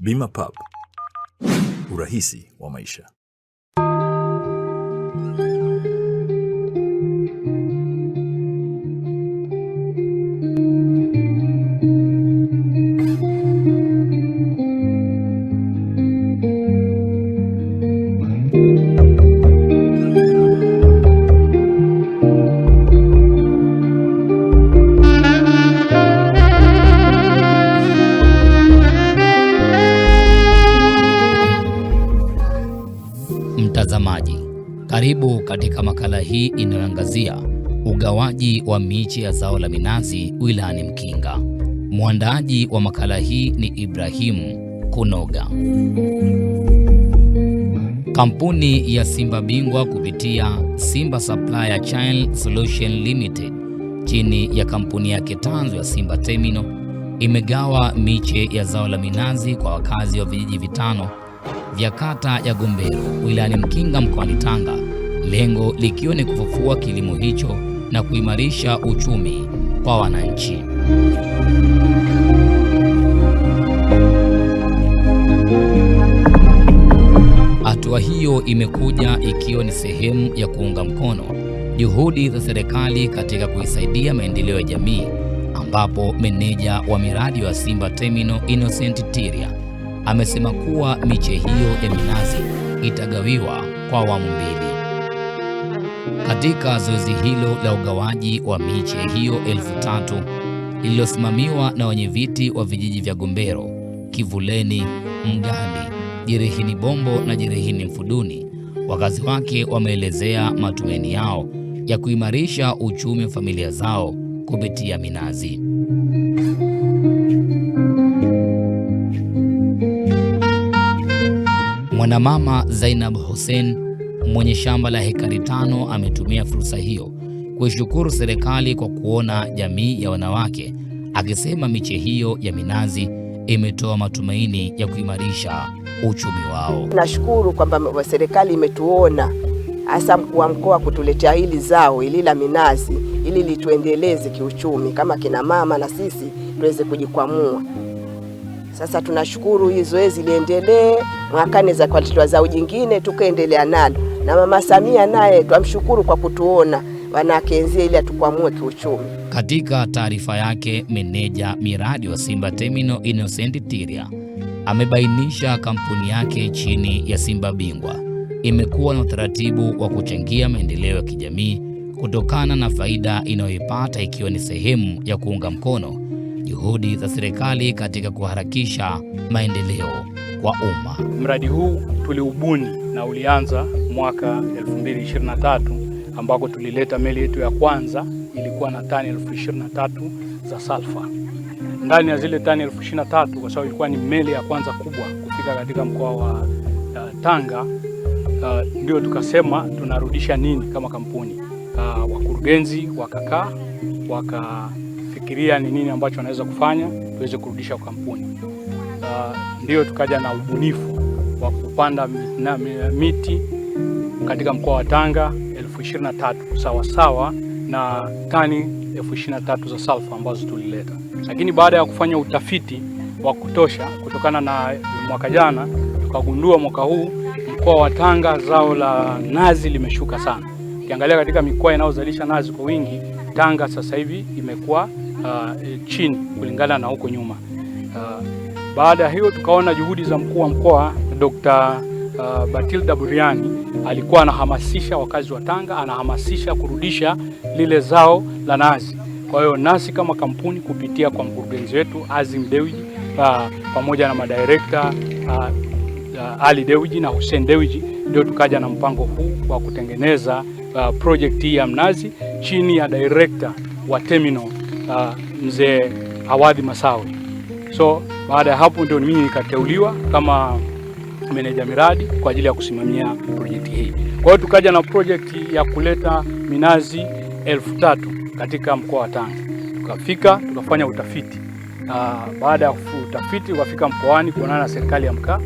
Bima Pub, urahisi wa maisha. Karibu katika makala hii inayoangazia ugawaji wa miche ya zao la minazi wilayani Mkinga. Mwandaaji wa makala hii ni Ibrahimu Kunoga. Kampuni ya Simba Bingwa kupitia Simba Supplier Child Solution Limited chini ya kampuni yake tanzu ya Simba Terminal imegawa miche ya zao la minazi kwa wakazi wa vijiji vitano vya kata ya Gombero wilayani Mkinga mkoani Tanga lengo likiwa ni kufufua kilimo hicho na kuimarisha uchumi kwa wananchi. Hatua hiyo imekuja ikiwa ni sehemu ya kuunga mkono juhudi za serikali katika kuisaidia maendeleo ya jamii, ambapo meneja wa miradi wa Simba Terminal Innocent Tiria amesema kuwa miche hiyo ya minazi itagawiwa kwa awamu mbili. Katika zoezi hilo la ugawaji wa miche hiyo elfu tatu lililosimamiwa na wenyeviti wa vijiji vya Gombero, Kivuleni, Mgandi, Jerehini Bombo na Jerehini Mfuduni, wakazi wake wameelezea matumaini yao ya kuimarisha uchumi wa familia zao kupitia minazi. Mwanamama Zainab Hussein Mwenye shamba la hekari tano ametumia fursa hiyo kuishukuru serikali kwa kuona jamii ya wanawake, akisema miche hiyo ya minazi imetoa matumaini ya kuimarisha uchumi wao. Nashukuru kwamba serikali imetuona hasa mkuu wa mkoa kutuletea hili zao ili la minazi ili lituendeleze kiuchumi kama kina mama na sisi tuweze kujikwamua. Sasa tunashukuru hii zoezi liendelee, mwakani za kwa zao jingine tukaendelea nalo na Mama Samia naye twamshukuru kwa kutuona wanakenzie ili atukwamue kiuchumi. Katika taarifa yake, meneja miradi wa Simba Terminal Innocent Tiria amebainisha kampuni yake chini ya Simba Bingwa imekuwa na utaratibu wa kuchangia maendeleo ya kijamii kutokana na faida inayoipata ikiwa ni sehemu ya kuunga mkono juhudi za serikali katika kuharakisha maendeleo kwa umma. Mradi huu tuliubuni na ulianza mwaka 2023 ambako tulileta meli yetu ya kwanza, ilikuwa na tani elfu za salfa ndani ya zile tani elfu kwa sababu ilikuwa ni meli ya kwanza kubwa kufika katika mkoa wa uh, Tanga. Uh, ndio tukasema tunarudisha nini kama kampuni. Uh, wakurugenzi wakakaa wakafikiria ni nini ambacho wanaweza kufanya tuweze kurudisha kampuni ndiyo tukaja na ubunifu wa kupanda miti katika mkoa wa Tanga elfu ishirini na tatu sawasawa na tani elfu ishirini na tatu za salfa ambazo tulileta, lakini baada ya kufanya utafiti wa kutosha kutokana na mwaka jana, tukagundua mwaka huu mkoa wa Tanga zao la nazi limeshuka sana. Ukiangalia katika mikoa inayozalisha nazi kwa wingi, Tanga sasa hivi imekuwa uh, chini kulingana na huko nyuma uh, baada ya hiyo tukaona juhudi za mkuu wa mkoa Dr. uh, Batilda Buriani alikuwa anahamasisha wakazi wa Tanga, anahamasisha kurudisha lile zao la nazi. Kwa hiyo nasi kama kampuni kupitia kwa mkurugenzi wetu Azim Dewiji uh, pamoja na madirekta uh, uh, Ali Dewiji na Hussein Dewiji ndio tukaja na mpango huu wa kutengeneza uh, project hii ya mnazi chini ya director wa terminal uh, mzee Awadhi Masawe. So baada ya hapo ndio mimi nikateuliwa kama meneja miradi kwa ajili ya kusimamia projekti hii. Kwa hiyo tukaja na projekti ya kuleta minazi elfu tatu katika mkoa wa Tanga. Tukafika tukafanya utafiti na baada ya utafiti ukafika mkoani kuonana na serikali ya mkoa,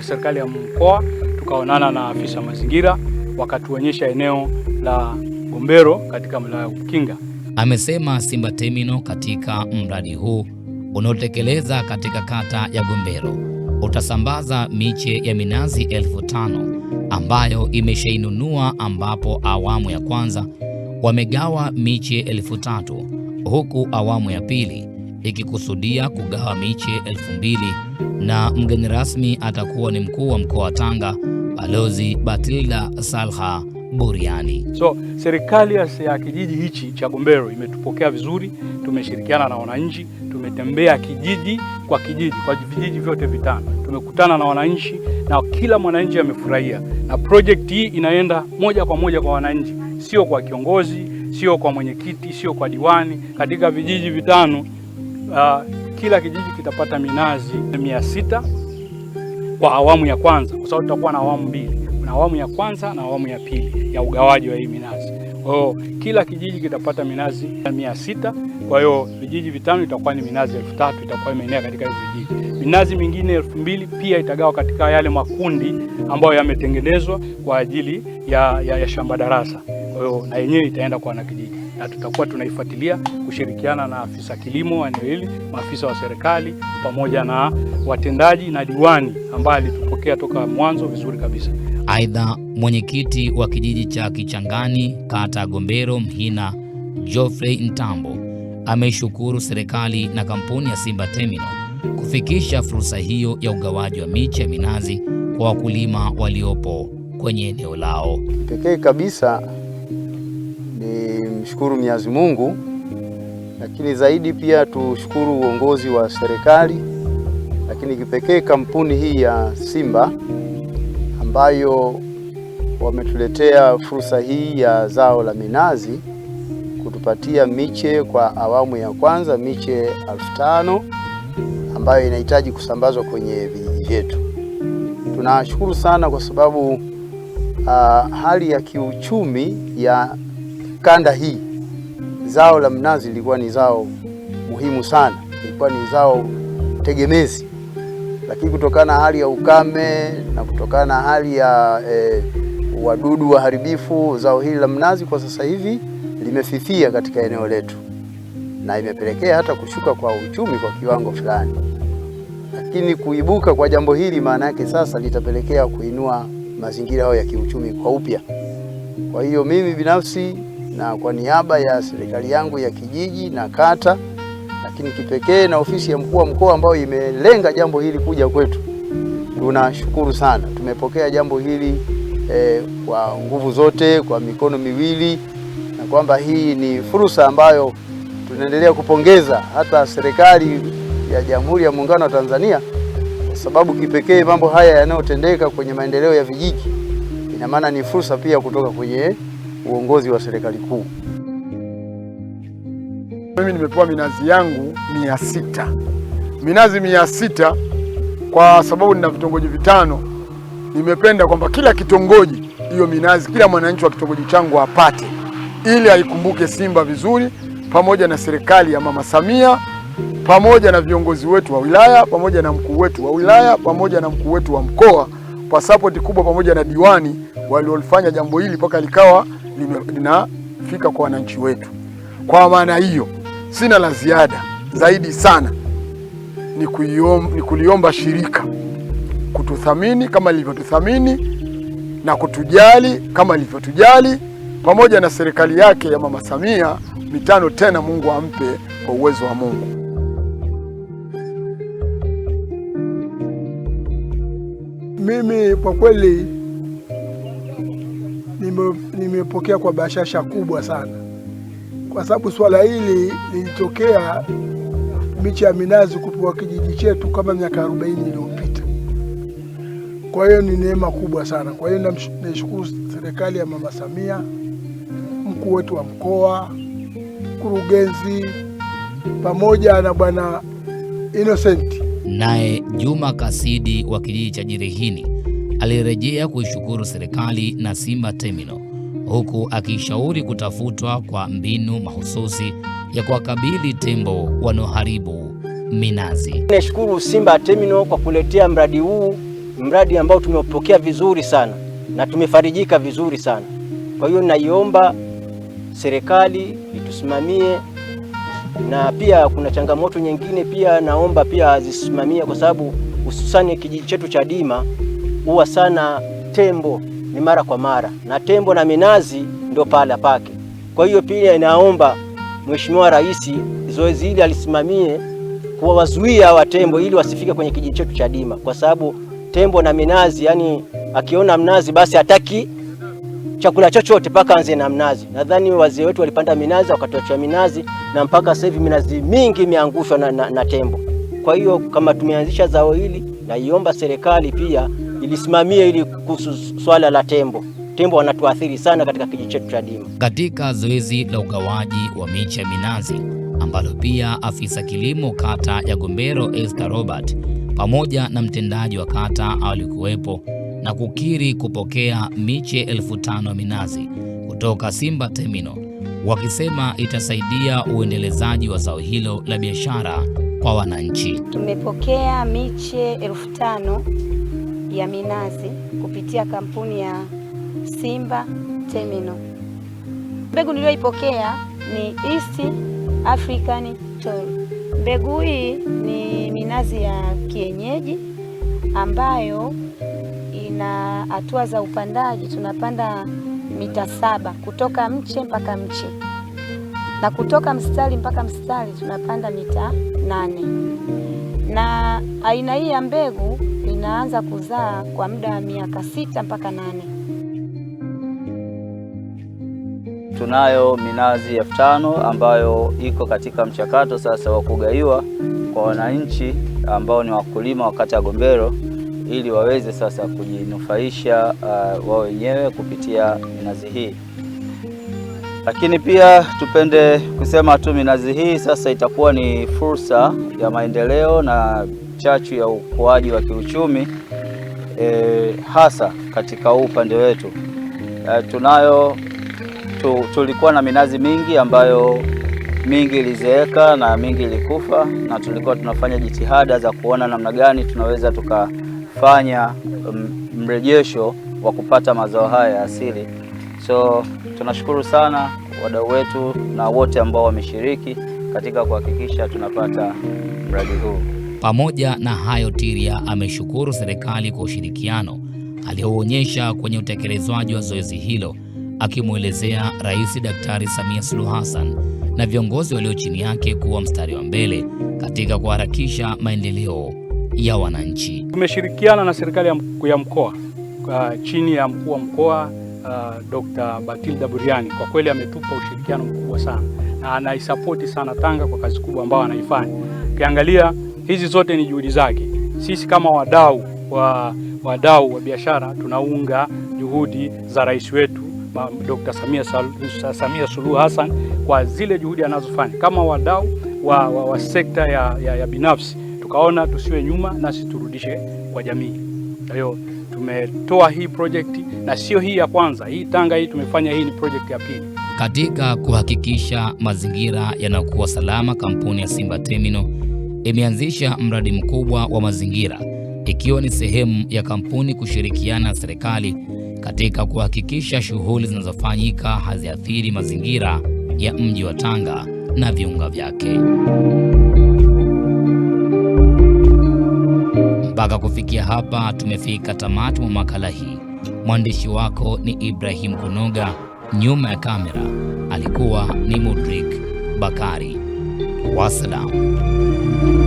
serikali ya mkoa tukaonana na afisa mazingira wakatuonyesha eneo la Gombero katika wilaya ya Ukinga. Amesema Simba Terminal katika mradi huu unaotekeleza katika kata ya Gombero utasambaza miche ya minazi elfu tano ambayo imeshainunua, ambapo awamu ya kwanza wamegawa miche elfu tatu huku awamu ya pili ikikusudia kugawa miche elfu mbili na mgeni rasmi atakuwa ni mkuu wa mkoa wa Tanga Balozi Batilda Salha buriani. So serikali ya kijiji hichi cha Gombero imetupokea vizuri, tumeshirikiana na wananchi, tumetembea kijiji kwa kijiji kwa vijiji vyote vitano, tumekutana na wananchi na kila mwananchi amefurahia, na project hii inaenda moja kwa moja kwa wananchi, sio kwa kiongozi, sio kwa mwenyekiti, sio kwa diwani. Katika vijiji vitano uh, kila kijiji kitapata minazi mia sita kwa awamu ya kwanza, kwa sababu tutakuwa na awamu mbili na awamu ya kwanza na awamu ya pili ya ugawaji wa hii minazi. Kwa hiyo kila kijiji kitapata minazi mia sita. Kwa hiyo vijiji vitano itakuwa ni minazi elfu tatu itakuwa imeenea katika hizo vijiji. Minazi mingine elfu mbili pia itagawa katika yale makundi ambayo yametengenezwa kwa ajili ya, ya, ya shamba darasa. Kwa hiyo na yenyewe itaenda kwa wanakijiji na tutakuwa tunaifuatilia kushirikiana na afisa kilimo wa eneo hili, maafisa wa serikali pamoja na watendaji na diwani ambaye alitupokea toka mwanzo vizuri kabisa. Aidha, mwenyekiti wa kijiji cha Kichangani kata Gombero Mhina Geoffrey Ntambo ameishukuru serikali na kampuni ya Simba Terminal kufikisha fursa hiyo ya ugawaji wa miche ya minazi kwa wakulima waliopo kwenye eneo lao. Pekee kabisa tumshukuru Mwenyezi Mungu, lakini zaidi pia tushukuru uongozi wa serikali, lakini kipekee kampuni hii ya Simba ambayo wametuletea fursa hii ya zao la minazi kutupatia miche kwa awamu ya kwanza, miche elfu tano ambayo inahitaji kusambazwa kwenye vijiji vyetu. Tunashukuru sana kwa sababu uh, hali ya kiuchumi ya kanda hii zao la mnazi lilikuwa ni zao muhimu sana, lilikuwa ni zao tegemezi, lakini kutokana na hali ya ukame na kutokana na hali ya e, wadudu waharibifu, zao hili la mnazi kwa sasa hivi limefifia katika eneo letu, na imepelekea hata kushuka kwa uchumi kwa kiwango fulani. Lakini kuibuka kwa jambo hili, maana yake sasa litapelekea kuinua mazingira yao ya kiuchumi kwa upya. Kwa hiyo mimi binafsi na kwa niaba ya serikali yangu ya kijiji na kata, lakini kipekee na ofisi ya mkuu wa mkoa ambayo imelenga jambo hili kuja kwetu, tunashukuru sana. Tumepokea jambo hili eh, kwa nguvu zote, kwa mikono miwili, na kwamba hii ni fursa ambayo tunaendelea kupongeza hata serikali ya Jamhuri ya Muungano wa Tanzania kwa sababu kipekee mambo haya yanayotendeka kwenye maendeleo ya vijiji, ina maana ni fursa pia kutoka kwenye uongozi wa serikali kuu. Mimi nimepewa minazi yangu mia sita minazi mia sita kwa sababu nina vitongoji vitano. Nimependa kwamba kila kitongoji hiyo minazi, kila mwananchi wa kitongoji changu apate, ili aikumbuke Simba vizuri, pamoja na serikali ya Mama Samia pamoja na viongozi wetu wa wilaya pamoja na mkuu wetu wa wilaya pamoja na mkuu wetu wa mkoa, kwa sapoti kubwa pamoja na diwani waliofanya jambo hili mpaka likawa linafika kwa wananchi wetu. Kwa maana hiyo, sina la ziada zaidi sana ni, kuyom, ni kuliomba shirika kututhamini kama lilivyotuthamini na kutujali kama lilivyotujali pamoja na serikali yake ya Mama Samia mitano tena, Mungu ampe kwa uwezo wa Mungu. Mimi kwa kweli nimepokea kwa bashasha kubwa sana, kwa sababu swala hili lilitokea miche ya minazi kupewa kijiji chetu kama miaka arobaini iliyopita. Kwa hiyo ni neema kubwa sana. Kwa hiyo naishukuru serikali ya Mama Samia, mkuu wetu wa mkoa, mkurugenzi pamoja na bwana Innocent. Naye Juma Kasidi wa kijiji cha Jirehini alirejea kuishukuru serikali na Simba Terminal, huku akishauri kutafutwa kwa mbinu mahususi ya kuwakabili tembo wanaoharibu minazi. Nashukuru Simba Terminal kwa kuletea mradi huu, mradi ambao tumeupokea vizuri sana na tumefarijika vizuri sana. Kwa hiyo naiomba serikali itusimamie, na pia kuna changamoto nyingine pia naomba pia azisimamie, kwa sababu hususani kijiji chetu cha Dima huwa sana tembo ni mara kwa mara, na tembo na minazi ndio pala pake. Kwa hiyo pia inaomba Mheshimiwa Rais zoezi hili alisimamie kuwazuia wa tembo ili wasifike kwenye kijiji chetu cha Dima, kwa sababu tembo na minazi, yani akiona mnazi basi hataki chakula chochote mpaka anze na mnazi. Nadhani wazee wetu walipanda minazi wakatocha minazi, na mpaka sasa hivi minazi mingi imeangushwa na, na, na tembo. Kwa hiyo kama tumeanzisha zao hili, naiomba serikali pia ilisimamia ili kuhusu swala la tembo. Tembo wanatuathiri sana katika kijiji chetu cha Dima, katika zoezi la ugawaji wa miche ya minazi ambalo pia afisa kilimo kata ya Gombero Esther Robert pamoja na mtendaji wa kata alikuwepo na kukiri kupokea miche elfu tano ya minazi kutoka Simba Terminal, wakisema itasaidia uendelezaji wa zao hilo la biashara kwa wananchi. Tumepokea miche elfu tano ya minazi kupitia kampuni ya Simba Terminal. Mbegu niliyoipokea ni East African Tall. Mbegu hii ni minazi ya kienyeji ambayo ina hatua za upandaji. Tunapanda mita saba kutoka mche mpaka mche, na kutoka mstari mpaka mstari tunapanda mita nane, na aina hii ya mbegu zinaanza kuzaa kwa muda wa miaka sita mpaka nane. Tunayo minazi elfu tano ambayo iko katika mchakato sasa wa kugaiwa kwa wananchi ambao ni wakulima wa kata ya Gombero ili waweze sasa kujinufaisha uh, wao wenyewe kupitia minazi hii. Lakini pia tupende kusema tu minazi hii sasa itakuwa ni fursa ya maendeleo na chachu ya ukuaji wa kiuchumi e, hasa katika huu upande wetu e, tunayo tu, tulikuwa na minazi mingi ambayo mingi ilizeeka na mingi ilikufa, na tulikuwa tunafanya jitihada za kuona namna gani tunaweza tukafanya mrejesho wa kupata mazao haya ya asili. So tunashukuru sana wadau wetu na wote ambao wameshiriki katika kuhakikisha tunapata mradi huu. Pamoja na hayo, Tiria ameshukuru serikali kwa ushirikiano alioonyesha kwenye utekelezwaji wa zoezi hilo, akimwelezea Rais Daktari Samia Suluhu Hassan na viongozi walio chini yake kuwa mstari wa mbele katika kuharakisha maendeleo ya wananchi. Tumeshirikiana na serikali ya mkoa uh, chini ya mkuu wa mkoa uh, Dr. Batilda Buriani, kwa kweli ametupa ushirikiano mkubwa sana na anaisapoti sana Tanga kwa kazi kubwa ambayo anaifanya. Ukiangalia Hizi zote ni juhudi zake. Sisi kama wadau wa, wadau wa biashara tunaunga juhudi za rais wetu Dr. Samia, Samia Suluhu Hassan kwa zile juhudi anazofanya. Kama wadau wa, wa, wa sekta ya, ya, ya binafsi tukaona tusiwe nyuma, nasi turudishe kwa jamii. Kwa hiyo tumetoa hii project na sio hii ya kwanza. Hii Tanga hii tumefanya, hii ni project ya pili. Katika kuhakikisha mazingira yanakuwa salama, kampuni ya Simba Terminal imeanzisha mradi mkubwa wa mazingira ikiwa ni sehemu ya kampuni kushirikiana na serikali katika kuhakikisha shughuli zinazofanyika haziathiri mazingira ya mji wa Tanga na viunga vyake. Mpaka kufikia hapa tumefika tamati mwa makala hii. Mwandishi wako ni Ibrahim Kunoga, nyuma ya kamera alikuwa ni Mudrik Bakari. Wassalam.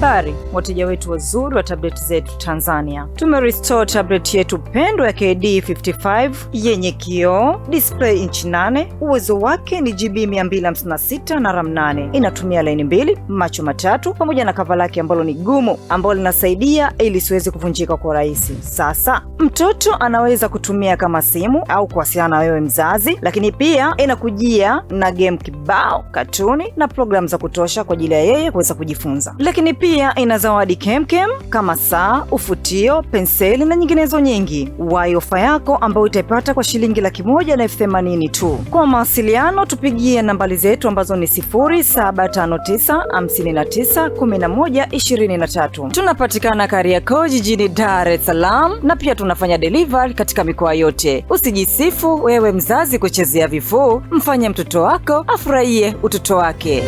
habari wateja wetu wazuri wa tableti zetu Tanzania. Tumerestore tableti yetu pendwa ya KD55 yenye kioo, display inchi 8, uwezo wake ni GB 256 na RAM 8. Inatumia laini mbili, macho matatu, pamoja na kava lake ambalo ni gumu, ambalo linasaidia ili siweze kuvunjika kwa urahisi. Sasa mtoto anaweza kutumia kama simu au kuwasiliana na wewe mzazi, lakini pia inakujia na game kibao, katuni na programu za kutosha kwa ajili ya yeye kuweza kujifunza, lakini pia pia ina zawadi kemkem kama saa, ufutio, penseli na nyinginezo nyingi. wai ofa yako ambayo utaipata kwa shilingi laki moja na elfu themanini tu. Kwa mawasiliano, tupigie nambari zetu ambazo ni 0759591123. Tunapatikana Kariakoo jijini Dar es Salaam na pia tunafanya delivery katika mikoa yote. Usijisifu wewe mzazi kuchezea vifuu, mfanye mtoto wako afurahie utoto wake.